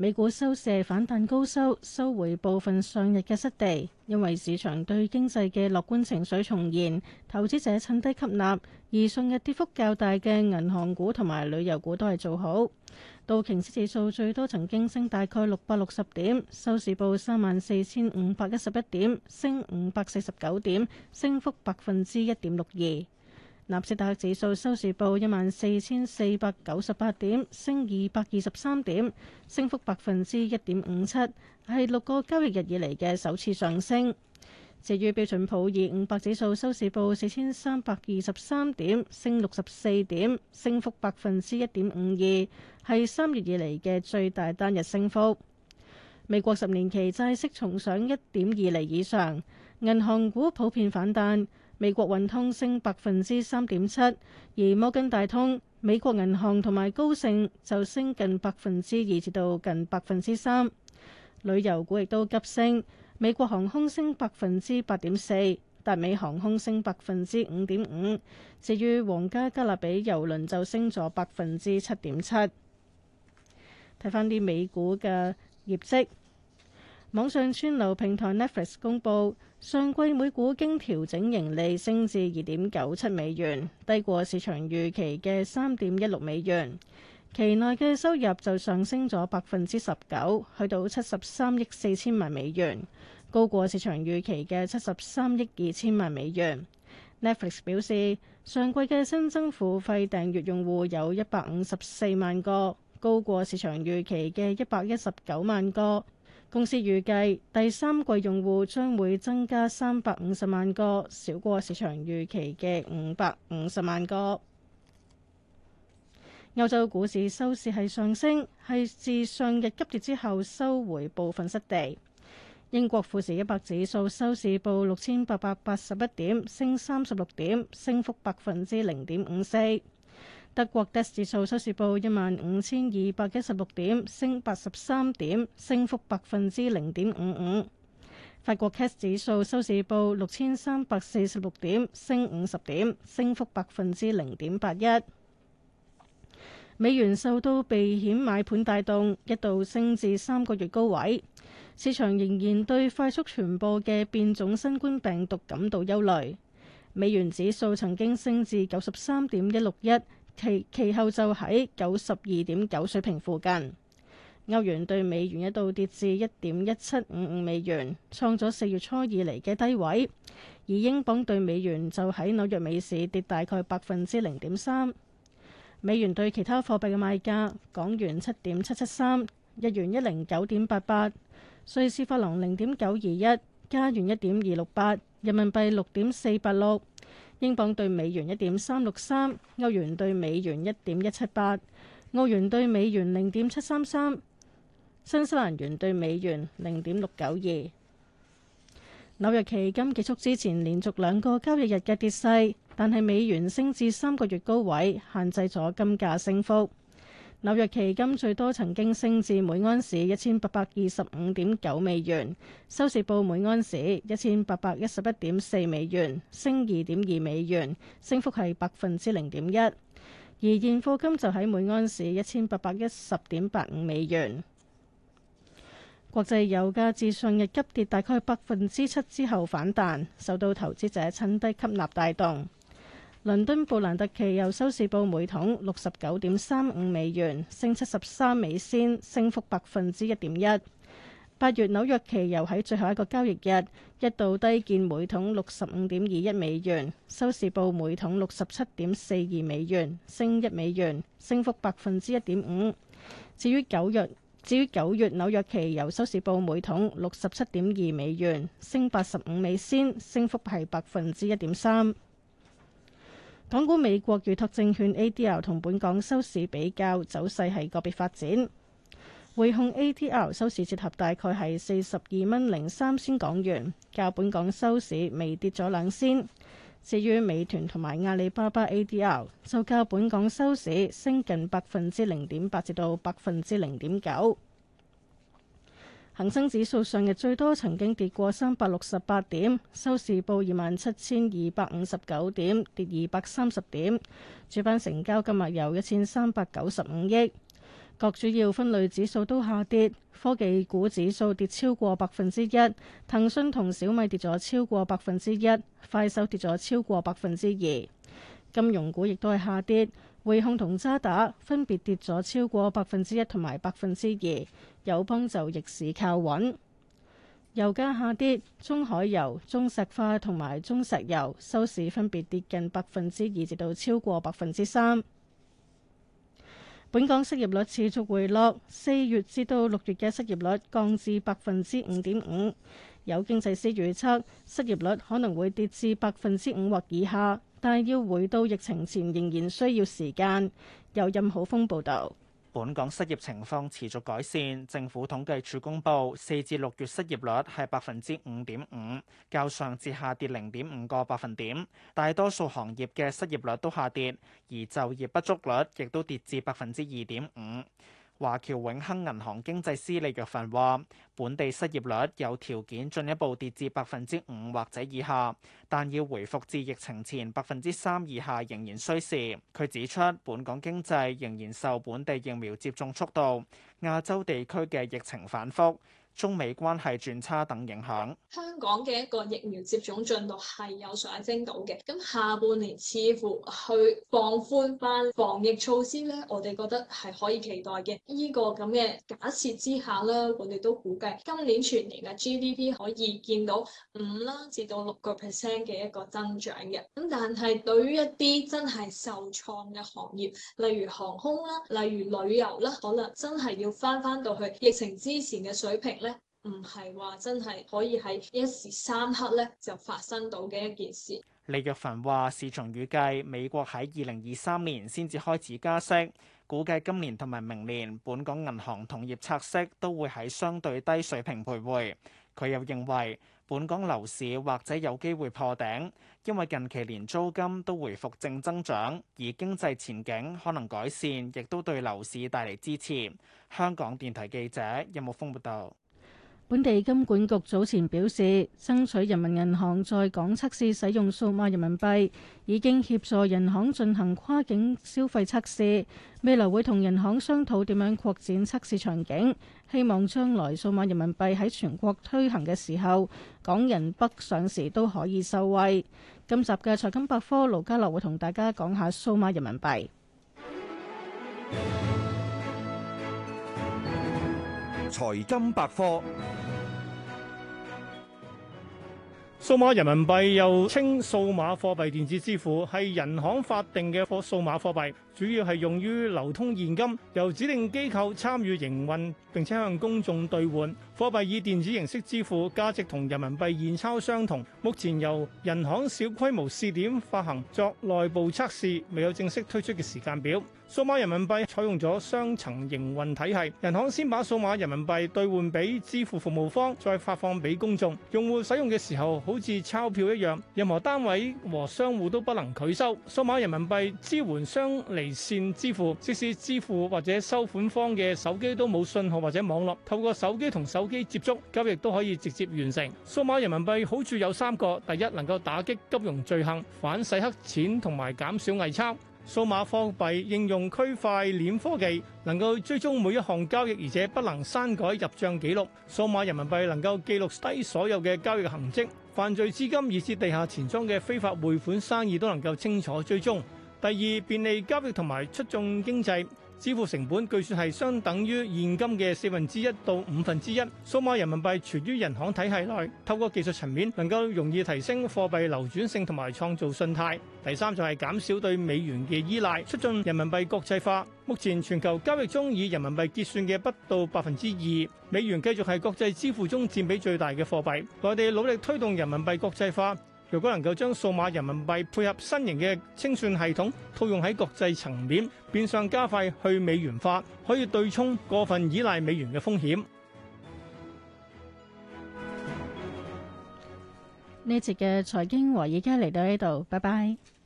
美股收市反彈，高收收回部分上日嘅失地，因為市場對經濟嘅樂觀情緒重燃，投資者趁低吸納。而上日跌幅較大嘅銀行股同埋旅遊股都係做好。道瓊斯指數最多曾經升大概六百六十點，收市報三萬四千五百一十一點，升五百四十九點，升幅百分之一點六二。納斯達克指數收市報一萬四千四百九十八點，升二百二十三點，升幅百分之一點五七，係六個交易日以嚟嘅首次上升。至於標準普爾五百指數收市報四千三百二十三點，升六十四點，升幅百分之一點五二，係三月以嚟嘅最大單日升幅。美國十年期債息重上一點二厘以上，銀行股普遍反彈。美國運通升百分之三點七，而摩根大通、美國銀行同埋高盛就升近百分之二至到近百分之三。旅遊股亦都急升，美國航空升百分之八點四，達美航空升百分之五點五。至於皇家加勒比遊輪就升咗百分之七點七。睇翻啲美股嘅業績，網上串流平台 Netflix 公佈。上季每股經調整盈利升至二點九七美元，低過市場預期嘅三點一六美元。期內嘅收入就上升咗百分之十九，去到七十三億四千萬美元，高過市場預期嘅七十三億二千萬美元。Netflix 表示，上季嘅新增付費訂閱用戶有一百五十四萬個，高過市場預期嘅一百一十九萬個。公司預計第三季用戶將會增加三百五十萬個，少過市場預期嘅五百五十萬個。歐洲股市收市係上升，係自上日急跌之後收回部分失地。英國富時一百指數收市報六千八百八十一點，升三十六點，升幅百分之零點五四。德國 DAX 指數收市報一萬五千二百一十六點，升八十三點，升幅百分之零點五五。法國 CAC 指數收市報六千三百四十六點，升五十點，升幅百分之零點八一。美元受到避險買盤帶動，一度升至三個月高位。市場仍然對快速傳播嘅變種新冠病毒感到憂慮。美元指數曾經升至九十三點一六一。其其後就喺九十二點九水平附近，歐元對美元一度跌至一點一七五五美元，創咗四月初以嚟嘅低位。而英鎊對美元就喺紐約美市跌大概百分之零點三。美元對其他貨幣嘅賣價：港元七點七七三，日元一零九點八八，瑞士法郎零點九二一，加元一點二六八，人民幣六點四八六。英鎊兌美元一點三六三，歐元兌美元一點一七八，澳元兌美元零點七三三，新西蘭元兌美元零點六九二。紐約期金結束之前，連續兩個交易日嘅跌勢，但係美元升至三個月高位，限制咗金價升幅。紐約期金最多曾經升至每安士一千八百二十五點九美元，收市報每安士一千八百一十一點四美元，升二點二美元，升幅係百分之零點一。而現貨金就喺每安士一千八百一十點八五美元。國際油價自上日急跌大概百分之七之後反彈，受到投資者趁低吸納帶動。倫敦布蘭特期油收市報每桶六十九點三五美元，升七十三美仙，升幅百分之一點一。八月紐約期油喺最後一個交易日一度低見每桶六十五點二一美元，收市報每桶六十七點四二美元，升一美元，升幅百分之一點五。至於九月，至於九月紐約期油收市報每桶六十七點二美元，升八十五美仙，升幅係百分之一點三。港股、美國預託證券 ADL 同本港收市比較走勢係個別發展。匯控 ADL 收市折合大概係四十二蚊零三仙港元，較本港收市微跌咗兩仙。至於美團同埋阿里巴巴 ADL，就較本港收市升近百分之零點八至到百分之零點九。恒生指數上日最多曾經跌過三百六十八點，收市報二萬七千二百五十九點，跌二百三十點。主板成交今日有一千三百九十五億。各主要分類指數都下跌，科技股指數跌超過百分之一，騰訊同小米跌咗超過百分之一，快手跌咗超過百分之二。金融股亦都係下跌。匯控同渣打分別跌咗超過百分之一同埋百分之二，友邦就逆市靠穩。油價下跌，中海油、中石化同埋中石油收市分別跌近百分之二，至到超過百分之三。本港失業率持續回落，四月至到六月嘅失業率降至百分之五點五，有經濟師預測失業率可能會跌至百分之五或以下。但係要回到疫情前仍然需要時間。有任好峯報導，本港失業情況持續改善。政府統計處公布，四至六月失業率係百分之五點五，較上季下跌零點五個百分點。大多數行業嘅失業率都下跌，而就業不足率亦都跌至百分之二點五。華僑永亨銀行經濟師李若凡話，本地失業率有條件進一步跌至百分之五，或者以下，但要回復至疫情前百分之三以下仍然需時。佢指出，本港經濟仍然受本地疫苗接種速度、亞洲地區嘅疫情反覆中美關係轉差等影響，香港嘅一個疫苗接種進度係有上升到嘅。咁下半年似乎去放寬翻防疫措施咧，我哋覺得係可以期待嘅。呢個咁嘅假設之下咧，我哋都估計今年全年嘅 GDP 可以見到五啦至到六個 percent 嘅一個增長嘅。咁但係對於一啲真係受創嘅行業，例如航空啦，例如旅遊啦，可能真係要翻翻到去疫情之前嘅水平咧。唔係話真係可以喺一時三刻咧就發生到嘅一件事。李若凡話市場預計美國喺二零二三年先至開始加息，估計今年同埋明年本港銀行同業拆息都會喺相對低水平徘徊。佢又認為本港樓市或者有機會破頂，因為近期連租金都回復正增長，而經濟前景可能改善，亦都對樓市帶嚟支持。香港電台記者任木峯報道。有本地金管局早前表示，爭取人民銀行在港測試使用數碼人民幣，已經協助人行進行跨境消費測試。未來會同人行商討點樣擴展測試場景，希望將來數碼人民幣喺全國推行嘅時候，港人北上時都可以受惠。今集嘅財金百科，盧家樂會同大家講下數碼人民幣。財金百科。數碼人民幣又稱數碼貨幣電子支付，係人行法定嘅一個數碼貨幣，主要係用於流通現金，由指定機構參與營運，並且向公眾兌換貨幣，以電子形式支付，價值同人民幣現鈔相同。目前由人行小規模試點發行作內部測試，未有正式推出嘅時間表。數碼人民幣採用咗雙層營運體系，人行先把數碼人民幣兌換俾支付服務方，再發放俾公眾。用戶使用嘅時候好似鈔票一樣，任何單位和商戶都不能拒收。數碼人民幣支援雙離線支付，即使支付或者收款方嘅手機都冇信號或者網絡，透過手機同手機接觸，交易都可以直接完成。數碼人民幣好處有三個：第一，能夠打擊金融罪行，反洗黑錢同埋減少偽鈔。數碼貨幣應用區塊鏈科技能夠追蹤每一項交易，而且不能刪改入帳記錄。數碼人民幣能夠記錄低所有嘅交易行跡，犯罪資金以至地下錢莊嘅非法匯款生意都能夠清楚追蹤。第二，便利交易同埋促進經濟。支付成本據說係相等於現金嘅四分之一到五分之一。數碼人民幣存於人行體系內，透過技術層面能夠容易提升貨幣流轉性同埋創造信貸。第三就係減少對美元嘅依賴，促進人民幣國際化。目前全球交易中以人民幣結算嘅不到百分之二，美元繼續係國際支付中佔比最大嘅貨幣。內地努力推動人民幣國際化。如果能夠將數碼人民幣配合新型嘅清算系統套用喺國際層面，變相加快去美元化，可以對沖過分依賴美元嘅風險。呢節嘅財經話，而家嚟到呢度，拜拜。